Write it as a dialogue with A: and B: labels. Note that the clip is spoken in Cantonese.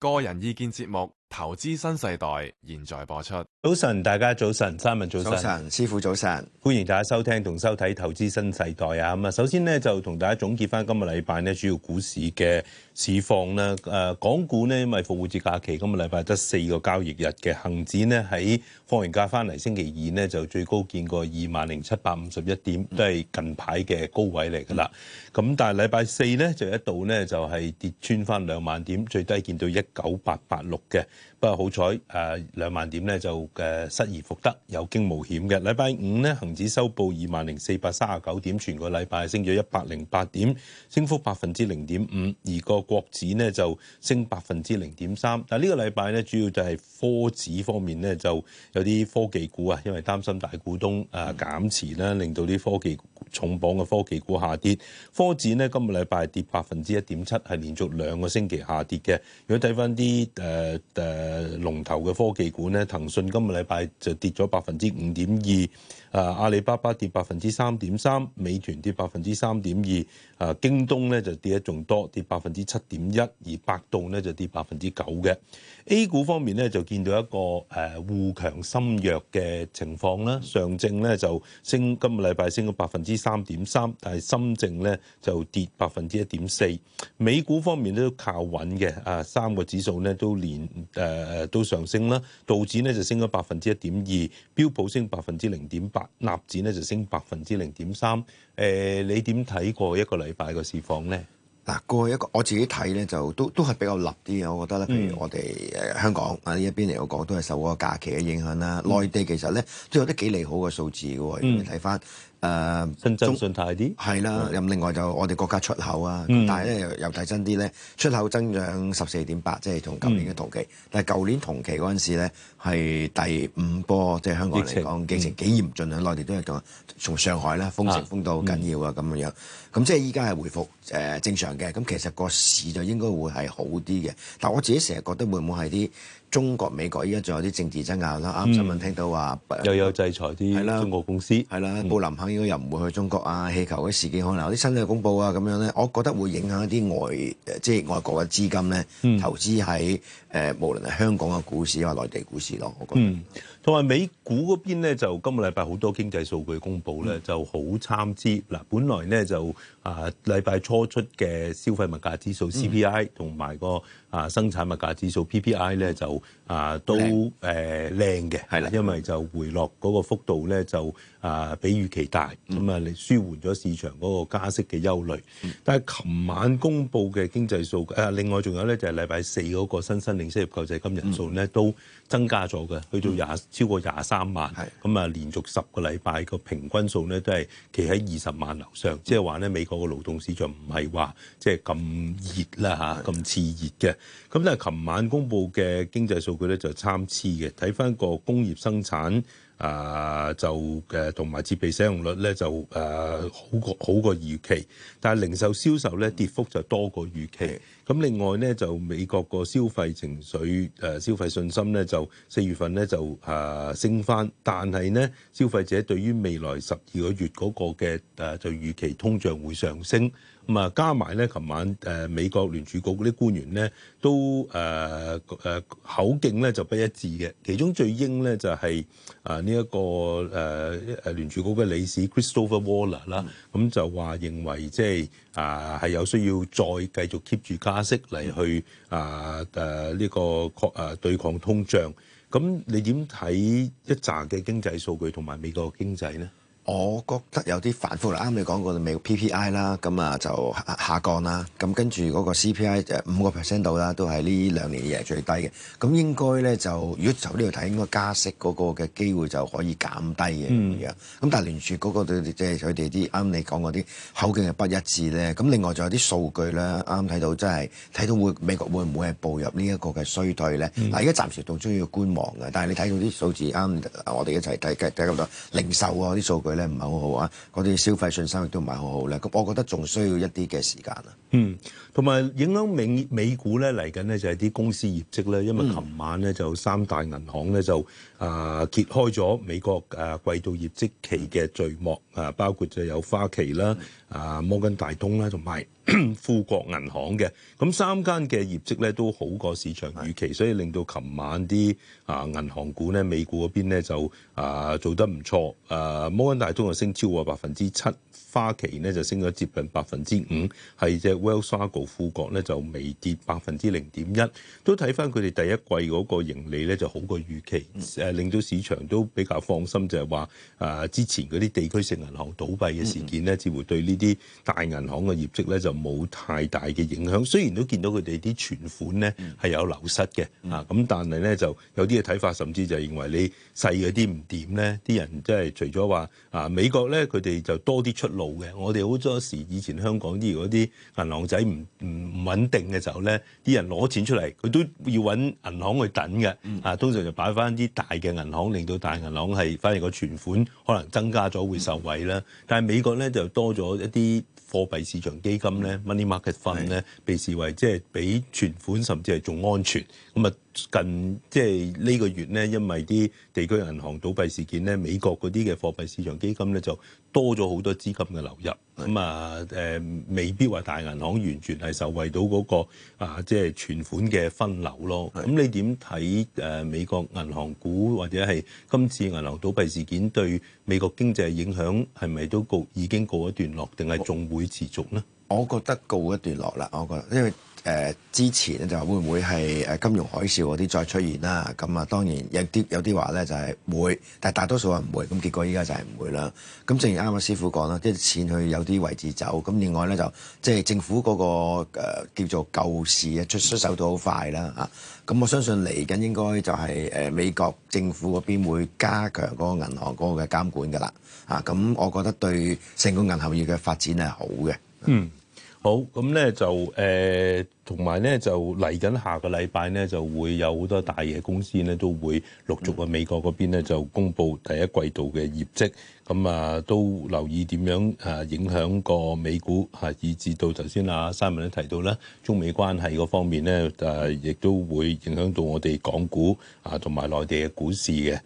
A: 個人意見節目《投資新世代》現在播出。早晨，大家早晨，三文早晨，早晨，師傅早晨，歡迎大家收聽同收睇《投資新世代》啊！咁啊，首先呢，就同大家總結返今個禮拜主要股市嘅。市況呢，誒，港股呢因為復活節假期，今個禮拜得四個交易日嘅，恒指呢，喺放完假翻嚟星期二呢，就最高見過二萬零七百五十一點，都係近排嘅高位嚟㗎啦。咁、嗯、但係禮拜四呢，就一度呢，就係、是、跌穿翻兩萬點，最低見到一九八八六嘅。不過好彩誒兩萬點呢，就誒失而復得，有驚無險嘅。禮拜五呢，恒指收報二萬零四百三十九點，全個禮拜升咗一百零八點，升幅百分之零點五，而個。國指呢就升百分之零點三，但呢個禮拜呢，主要就係科指方面呢，就有啲科技股啊，因為擔心大股東誒、呃、減持啦，令到啲科技重磅嘅科技股下跌。科指呢，今日禮拜跌百分之一點七，係連續兩個星期下跌嘅。如果睇翻啲誒誒龍頭嘅科技股呢，騰訊今日禮拜就跌咗百分之五點二，啊、呃、阿里巴巴跌百分之三點三，美團跌百分之三點二，啊、呃、京東呢就跌得仲多，跌百分之七點一，而百度呢就跌百分之九嘅。A 股方面呢就見到一個誒滬強深弱嘅情況啦。上證呢就升今個禮拜升咗百分之三點三，但係深證呢就跌百分之一點四。美股方面都靠穩嘅，啊三個指數呢都連誒、呃、都上升啦。道指呢就升咗百分之一點二，標普升百分之零點八，納指呢就升百分之零點三。誒，你點睇過一個禮拜嘅市況呢？嗱，過去一個我自己睇咧，就都都係比較立啲嘅，我覺得咧。譬如我
B: 哋香港啊呢一邊嚟講，都係受嗰個假期嘅影響啦。嗯、內地其實咧都有啲幾利好嘅數字喎，你睇翻。誒、呃、增長上大啲，係啦。咁、嗯、另外就我哋國家出口啊，但係咧、嗯、又睇真啲咧，出口增長十四點八，即係同今年嘅同期。嗯、但係舊年同期嗰陣時咧，係第五波，即、就、係、是、香港嚟講，疫情幾、嗯、嚴峻，喺內地都係咁，從上海咧封城封到緊要啊咁樣樣。咁即係依家係回復、呃、正常嘅。咁其實個市就應該會係好啲嘅。但我自己成日覺得會唔會係啲？中國美國依家仲有啲政治爭拗啦，啱新聞聽到話又、嗯、有、有制裁啲係啦中國公司係啦，布林肯應該又唔會去中國啊，氣球嘅事件可能有啲新嘅公佈啊咁樣咧，我覺得會影響一啲外即係外國嘅資金咧投資喺
A: 誒、嗯、無論係香港嘅股市啊、內地股市咯，我覺得。同埋、嗯、美股嗰邊咧，就今個禮拜好多經濟數據公佈咧，就好參差。嗱，本來咧就啊禮拜初出嘅消費物價指數 CPI 同埋個啊生產物價指數 PPI 咧就啊，都誒靚嘅，係啦亮，呃、的因為就回落嗰個幅度咧，就啊比預期大，咁啊舒緩咗市場嗰個加息嘅憂慮。嗯、但係琴晚公布嘅經濟數據，誒、啊、另外仲有咧就係禮拜四嗰個新申請失業救濟金人數咧、嗯、都增加咗嘅，去到廿超過廿三萬，咁啊的、嗯、連續十個禮拜個平均數咧都係企喺二十萬樓上，即係話咧美國嘅勞動市場唔係話即係咁熱啦嚇，咁、啊、熾熱嘅。咁的但係琴晚公布嘅經濟經濟數據咧就參差嘅，睇翻個工業生產。啊，就誒同埋設備使用率咧就誒、啊、好過好過預期，但係零售銷售咧跌幅就多過預期。咁另外咧就美國個消費情緒誒、啊、消費信心咧就四月份咧就誒、啊、升翻，但係咧消費者對於未來十二個月嗰個嘅誒、啊、就預期通脹會上升。咁啊加埋咧，琴晚誒美國聯儲局嗰啲官員咧都誒誒、啊啊、口徑咧就不一致嘅，其中最鷹咧就係、是、誒。啊呢一、這個誒誒聯儲局嘅理事 Christopher Waller 啦，咁、嗯嗯、就話認為即係啊係有需要再繼續 keep 住加息嚟去啊誒呢個抗誒、呃、對抗通脹。咁你點睇一紮嘅經濟數據同埋美國的經濟呢？我覺得有啲反覆啦，啱你講過美國 PPI 啦，
B: 咁啊就下降啦，咁跟住嗰個 CPI 就五個 percent 度啦，都係呢兩年以嚟最低嘅。咁應該咧就，如果就呢度睇，應該加息嗰個嘅機會就可以減低嘅咁樣。咁但係聯儲嗰個對即係佢哋啲啱你講嗰啲口徑係不一致咧。咁另外仲有啲數據啦，啱睇到真係睇到會美國會唔會係步入呢一個嘅衰退咧？嗱，而家暫時仲需要觀望嘅。但係你睇到啲數字，啱我哋一齊睇睇咁多零售啊啲數據唔係好好啊，嗰啲消費信心亦都唔係好好咧，咁我覺得仲
A: 需要一啲嘅時間啊。嗯，同埋影響美美股咧嚟緊咧就係啲公司業績咧，因為琴晚咧、嗯、就三大銀行咧就啊揭開咗美國啊季度業績期嘅序幕啊，包括就有花旗啦、啊摩根大通啦同埋。 富國銀行嘅，咁三間嘅業績咧都好過市場預期，的所以令到琴晚啲啊銀行股咧，美股嗰邊咧就啊做得唔錯、啊。摩根大通就升超過百分之七，花旗呢就升咗接近百分之五，係只 Wells Fargo 富國咧就微跌百分之零點一，都睇翻佢哋第一季嗰個盈利咧就好過預期，誒令到市場都比較放心，就係、是、話、啊、之前嗰啲地區性銀行倒閉嘅事件咧，似乎的對呢啲大銀行嘅業績咧就。冇太大嘅影響，雖然都見到佢哋啲存款咧係有流失嘅，啊咁、嗯、但係咧就有啲嘅睇法，甚至就係認為你細嗰啲唔掂咧，啲人即係除咗話啊美國咧佢哋就多啲出路嘅，我哋好多時以前香港啲如果啲銀行仔唔唔穩定嘅時候咧，啲人攞錢出嚟佢都要揾銀行去等嘅，啊通常就擺翻啲大嘅銀行，令到大銀行係反而個存款可能增加咗會受惠啦。嗯、但係美國咧就多咗一啲貨幣市場基金咧。Money market fund 咧是被視為即係比存款甚至係仲安全咁啊。近即係呢個月咧，因為啲地區銀行倒閉事件咧，美國嗰啲嘅貨幣市場基金咧就多咗好多資金嘅流入咁啊。誒是、呃，未必話大銀行完全係受惠到嗰、那個啊，即、就、係、是、存款嘅分流咯。咁是你點睇誒美國銀行股或者係今次銀行倒閉事件對美國經濟嘅影響係咪都告已經告一段落，定係仲會持續呢？我覺得告一段落啦，我覺得，因為誒、呃、之前咧就話會唔會係誒金
B: 融海嘯嗰啲再出現啦？咁啊當然有啲有啲話咧就係會，但係大多數話唔會，咁結果依家就係唔會啦。咁正如啱啱師傅講啦，即係啲錢去有啲位置走，咁另外咧就即係政府嗰、嗰個、呃、叫做救市啊出出手都好快啦吓。咁我相信嚟緊應該就係誒美國政府嗰邊會加強嗰個銀行嗰個嘅監管噶啦。咁我覺得對成個銀行業嘅發展係好嘅。嗯。
A: 好，咁咧就誒，同埋咧就嚟緊下，下個禮拜咧，就會有好多大嘅公司咧，都會陸續喺美國嗰邊咧，就公布第一季度嘅業績。咁啊，都留意點樣影響個美股嚇，以至到頭先啊，三文都提到啦，中美關係嗰方面咧，誒亦都會影響到我哋港股啊，同埋內地嘅股市嘅。